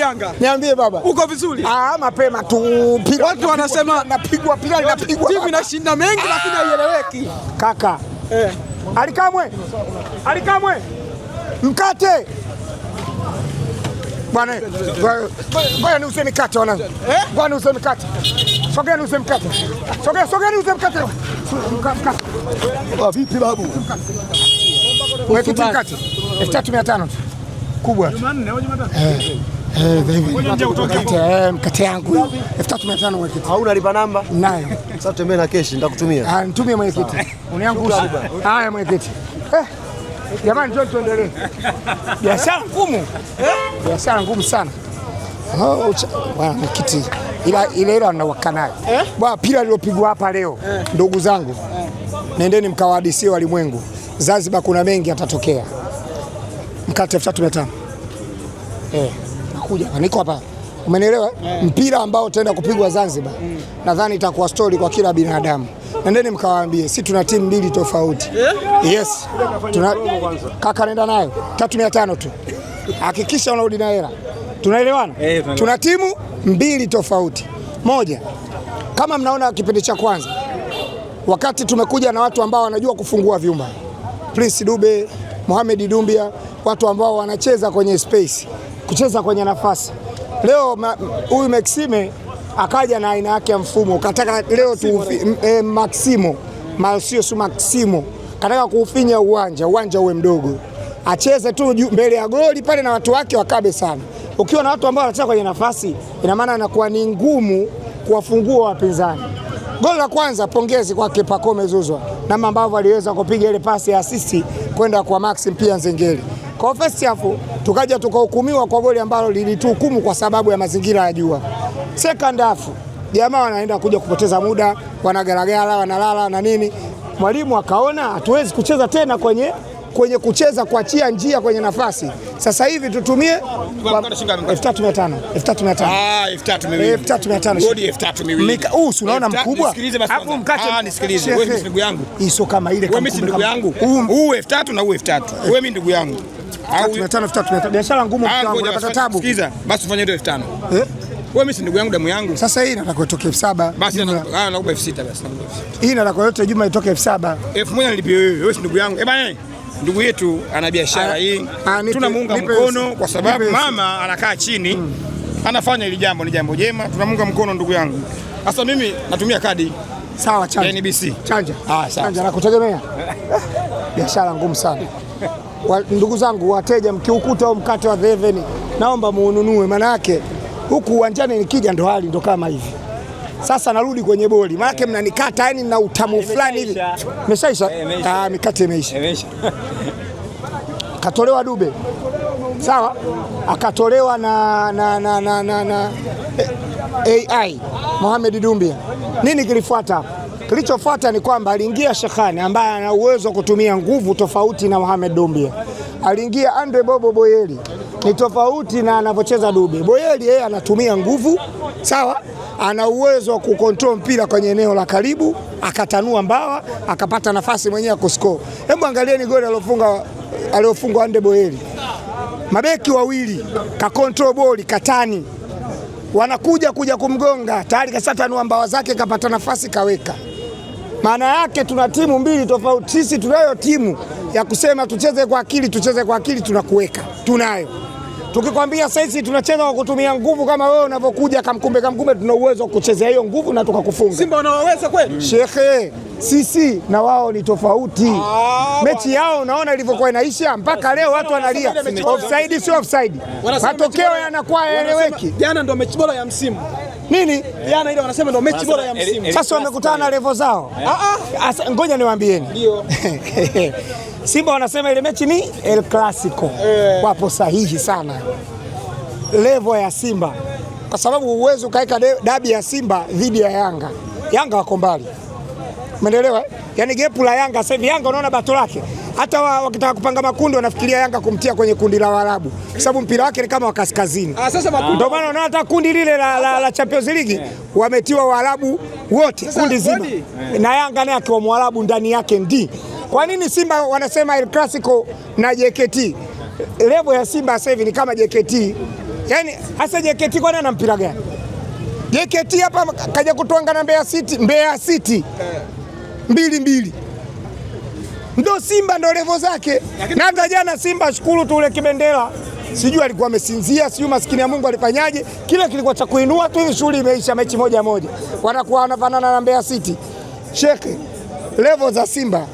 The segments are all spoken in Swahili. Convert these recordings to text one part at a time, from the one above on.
Yanga. Niambie baba. Uko vizuri? Ah, mapema tu. Watu wanasema napigwa pila napigwa. Timu inashinda mengi lakini ah, haieleweki. Kaka. Eh. Alikamwe. Alikamwe. Mkate. Bwana, bwana ni useme mkate wana. Eh? Bwana useme mkate. Sogea useme mkate. Sogea, sogea useme mkate. Mkate. Vipi babu? Mkate. mkate. 3500 kubwa. Jumanne au Jumatatu? Eh mkate yangu elfu tatu mia tano mwenyekiti. Hauna lipa namba? Nayo. Sasa tembea na keshi nitakutumia. Ah, nitumie mwenyekiti. Uniangusha. Haya mwenyekiti. Eh, jamani njoo tuendelee. Biashara ngumu. Eh, biashara ngumu sana. Oh, Bwana mwenyekiti, ila ile ile anawaka nayo. Eh? Bwana pila lilopigwa hapa leo ndugu zangu. Nendeni mkawahadisie walimwengu. Zanzibar kuna mengi yatatokea. Mkate elfu tatu mia tano. Eh nitakuja niko hapa, umenielewa yeah. Mpira ambao utaenda kupigwa Zanzibar mm. Nadhani itakuwa stori kwa kila binadamu. Nendeni mkawaambie, si tuna timu mbili tofauti yeah. Yes tuna... kaka nenda nayo tatu mia tano tu hakikisha unarudi na hela, tunaelewana hey, eh, tuna timu mbili tofauti. Moja kama mnaona kipindi cha kwanza wakati tumekuja na watu ambao wanajua kufungua vyumba, Prince Dube, Mohamed Dumbia, watu ambao wanacheza kwenye space kucheza kwenye nafasi. Leo huyu Maxime akaja na aina yake ya mfumo, kataka leo tu eh, Maximo Marcio su Maximo kataka kuufinya uwanja, uwanja uwe mdogo, acheze tu mbele ya goli pale na watu wake wakabe sana. Ukiwa na watu ambao wanacheza kwenye nafasi, ina maana inakuwa ni ngumu kuwafungua wapinzani. Goli la kwanza, pongezi kwake Pacome Zuzwa, namna ambavyo aliweza kupiga ile pasi ya asisi kwenda kwa Maxim pia Nzengeli. Kwa first half tukaja tukahukumiwa kwa goli ambalo lilituhukumu kwa sababu ya mazingira ya jua. Second half jamaa wanaenda kuja kupoteza muda, wanagaragala wanalala na nini. Mwalimu akaona hatuwezi kucheza tena kwenye kwenye kucheza kuachia njia kwenye nafasi. Sasa hivi tutumie 3500 tatu ah, uh, unaona mkubwa hapo, mkate ah, iso kama ile, wewe mimi ndugu yangu, um. huu elfu na huu elfu wewe mimi ndugu yangu biashara ngumu, unapata taabu. Sikiza basi, tufanye hiyo elfu tano eh? Wewe mimi si ndugu yangu damu yangu. Sasa hii nataka itoke elfu saba. Basi na nakupa elfu sita basi. Hii nataka yote Juma itoke elfu saba. Elfu moja nilipie wewe. Wewe si ndugu yangu. Eh bana, ndugu yetu ana biashara ah, hii. Ah, Tunamuunga mkono kwa sababu mama anakaa chini. Hmm. Anafanya hili jambo ni jambo jema. Tunamuunga mkono ndugu yangu. Sasa mimi natumia kadi. Sawa, chanja. NBC. Chanja. Ah, sawa. Chanja nakutegemea. Biashara ngumu sana wa, ndugu zangu wateja, mkiukuta au mkate wa The naomba muununue, maana yake huku uwanjani nikija ndo hali ndo kama hivi. Sasa narudi kwenye boli, manake mnanikata, yani na utamu fulani hivi. Imeshaisha eh, ah, mikate imeisha, katolewa dube sawa, akatolewa na, na, na, na, na, na eh, AI Mohamed Dumbia. Nini kilifuata hapo? Kilichofuata ni kwamba aliingia Shekhani ambaye ana uwezo wa kutumia nguvu tofauti na Mohamed Dumbia. Aliingia Andre Bobo Boyeli, ni tofauti na anavyocheza Dube. Boyeli yeye anatumia nguvu sawa, ana uwezo wa kukontrol mpira kwenye eneo la karibu, akatanua mbawa, akapata nafasi mwenyewe ya kuskoo. Hebu angalieni goli aliofunga aliofungwa Andre Boyeli. Mabeki wawili ka control ball katani, wanakuja kuja kumgonga tayari, kasatanua mbawa zake, kapata nafasi, kaweka maana yake tuna timu mbili tofauti. Sisi tunayo timu ya kusema tucheze kwa akili, tucheze kwa akili, tunakuweka tunayo. Tukikwambia saizi tunacheza kwa kutumia nguvu kama wewe unavyokuja kamkumbe, kamkumbe, tuna uwezo wa kuchezea hiyo nguvu na tukakufunga. Simba wanaweza kweli, shekhe? Sisi na wao ni tofauti. Ah, mechi yao unaona ilivyokuwa inaisha mpaka leo, watu wanalia offside, sio offside, matokeo yanakuwa yaeleweki. Jana ndo mechi bora ya msimu nini jana ile wanasema ndio mechi bora ya msimu. Sasa wamekutana na levo zao. Eh? Ah, ah. ngoja niwaambieni. Ndio. Simba wanasema ile mechi ni El Clasico. Eh. Wapo sahihi sana levo ya Simba, kwa sababu uwezo ukaweka dabi ya Simba dhidi ya Yanga. Yanga wako mbali, umeelewa? Yaani gepu la Yanga sasa hivi, Yanga unaona bato lake hata wa, wakitaka kupanga makundi wanafikiria Yanga kumtia kwenye kundi la Waarabu kwa sababu mpira wake ni kama wa kaskazini. Ah, Ndio maana unaona hata kundi lile la, la, la Champions League yeah. wametiwa Waarabu wote kundi zima yeah. na Yanga naye akiwa Mwarabu ndani yake ndi. Kwa nini Simba wanasema El Clasico na JKT? Levo ya Simba sasa hivi ni kama JKT, yaani hasa JKT, kwani ana mpira gani? JKT hapa kaja kutwanga na Mbeya City, Mbeya City eh. mbili mbili ndo Simba ndo levo zake. Na hata jana Simba shukuru tu ule Kibendera sijui alikuwa amesinzia, sijui maskini ya Mungu alifanyaje, kile kilikuwa cha kuinua tu, hiyo shughuli imeisha, mechi moja moja, wanakuwa wanafanana na Mbeya City. Shekhe, levo za Simba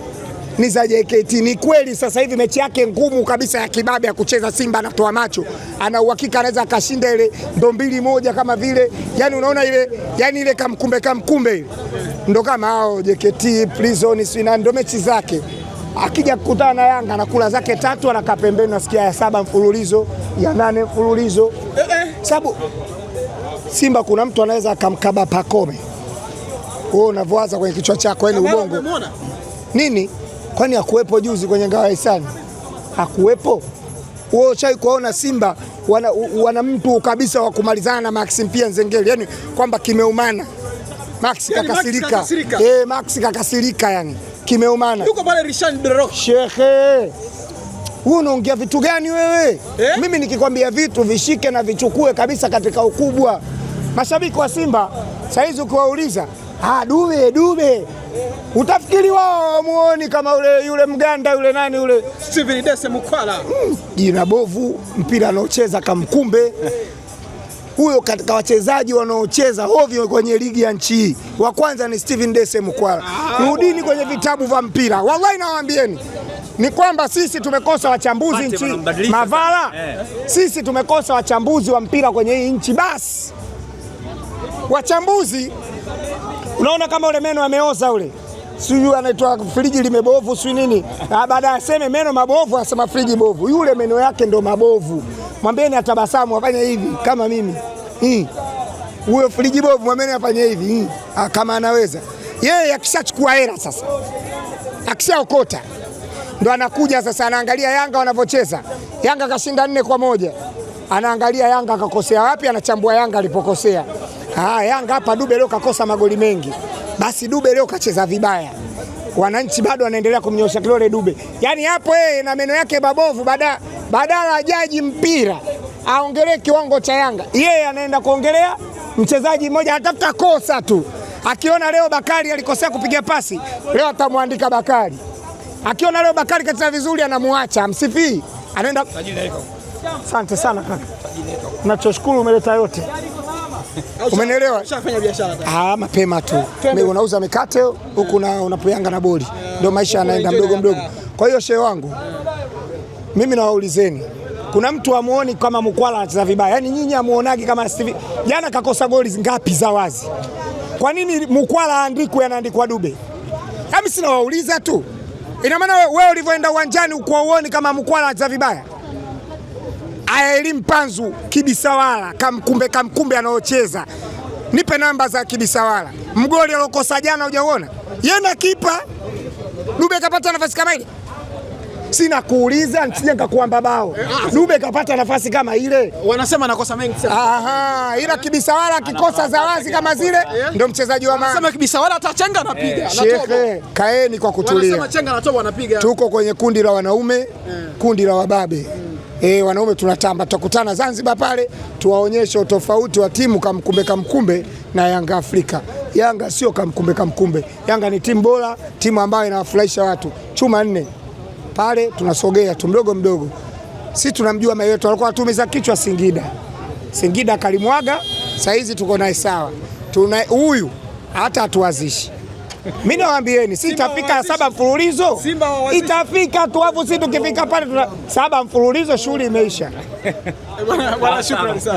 ni za JKT. Ni kweli sasa hivi mechi yake ngumu kabisa ya kibabe ya kucheza Simba anatoa macho, ana uhakika anaweza akashinda ile ndo mbili moja kama vile, yani unaona ile, yani ile kamkumbe kamkumbe ile ndo kama hao JKT Prison, si ndo mechi zake akija kukutana na Yanga na kula zake tatu, anakaa pembeni, nasikia ya saba mfululizo ya nane mfululizo, sababu Simba kuna mtu anaweza akamkaba Pakome. Wewe unavyowaza kwenye kichwa chako, yani ubongo nini? Kwani hakuwepo juzi kwenye Ngao ya Hisani? Hakuwepo wewe? chai kuona Simba wana, wana mtu kabisa wa kumalizana na Maxi Mpia Nzengeli, yani kwamba kimeumana max kakasirika, eh, Max kakasirika. kakasirika yani kimeumana. Yuko pale Rishan Bro. Shehe. Wewe unaongea vitu gani wewe eh? Mimi nikikwambia vitu vishike na vichukue kabisa katika ukubwa. Mashabiki wa Simba saizi ukiwauliza, ah, Dube Dube, utafikiri wao wamuoni kama ule, yule Mganda yule nani yule Steven Dese Mukwala, mm, jina mm, bovu, mpira anaocheza kamkumbe huyo katika wachezaji wanaocheza ovyo kwenye ligi ya nchi hii, wa kwanza ni Steven Dese Mkwala. Rudini kwenye vitabu vya mpira, wallahi nawaambieni ni kwamba sisi tumekosa wachambuzi nchi Mavala, eh. Sisi tumekosa wachambuzi wa mpira kwenye hii nchi. Basi wachambuzi, unaona kama ule meno ameoza ule sijui anaitwa friji limebovu, si nini, ah, baada ya aseme meno mabovu, asema friji bovu. Yule meno yake ndo mabovu mwambieni atabasamu afanye hivi kama mimi huyo friji bovu mwambieni afanye hivi ah, kama anaweza yeye. Akishachukua hela sasa, akishaokota ndo anakuja sasa, anaangalia Yanga wanavyocheza. Yanga kashinda nne kwa moja, anaangalia Yanga akakosea wapi, anachambua Yanga alipokosea. Ah, Yanga hapa Dube leo kakosa magoli mengi, basi Dube leo kacheza vibaya wananchi bado wanaendelea kumnyosha kidole Dube. Yaani hapo yeye na meno yake mabovu baadaye badala ya jaji mpira aongelee kiwango cha Yanga, yeye anaenda kuongelea mchezaji mmoja, atafuta kosa tu. Akiona leo Bakari alikosea kupiga pasi, leo atamwandika Bakari. Akiona leo Bakari kacheza vizuri, anamuacha msifii anaenda. Asante sana kaka, nachoshukuru umeleta yote Umenielewa? Ushafanya biashara ah, mapema tu. Unauza mikate huku unapoyanga na boli, ndio maisha yanaenda mdogo mdogo. Kwa hiyo shehe wangu ah mimi nawaulizeni, kuna mtu amuoni kama Mkwala anacheza vibaya? Yaani nyinyi amuonagi kama Steve jana kakosa goli ngapi za wazi? Kwa nini Mkwala aandikwe anaandikwa Dube? Kama yaani si nawauliza tu, ina maana wewe ulivyoenda uwanjani uko uoni kama Mkwala anacheza vibaya? Aya, elimu panzu kibisawala kamkumbe kamkumbe anaocheza nipe namba za kibisawala. Mgoli alokosa jana hujaona? Yeye na kipa Dube kapata nafasi kama ile? sina kuuliza, nisije nikakuamba bao. Eh, ah. Dube kapata nafasi kama ile, wanasema nakosa mengi sana. Aha, ila eh? Kibisawala akikosa za wazi kama zile eh? ndo mchezaji wa maana. Kibisawala atachenga anapiga, anatoa. Kaeni kwa kutulia. Wanasema chenga anatoa anapiga. Tuko kwenye kundi la wanaume, kundi la wababe. E, wanaume tunatamba, tutakutana Zanzibar pale, tuwaonyeshe utofauti wa timu kamkumbe kamkumbe na Yanga Afrika. Yanga sio kamkumbe kamkumbe, Yanga ni timu bora, timu ambayo inawafurahisha watu. Chuma nne pale, tunasogea tu mdogo mdogo. Si tunamjua Maweto, alikuwa tumeza kichwa Singida, Singida kalimwaga, hizi tuko naye sawa. Tuna huyu hata hatuwazishi mimi nawaambieni, si itafika saba mfululizo, itafika tu hapo. Si tukifika pale saba mfululizo, shughuli imeisha. Bwana, shukrani sana.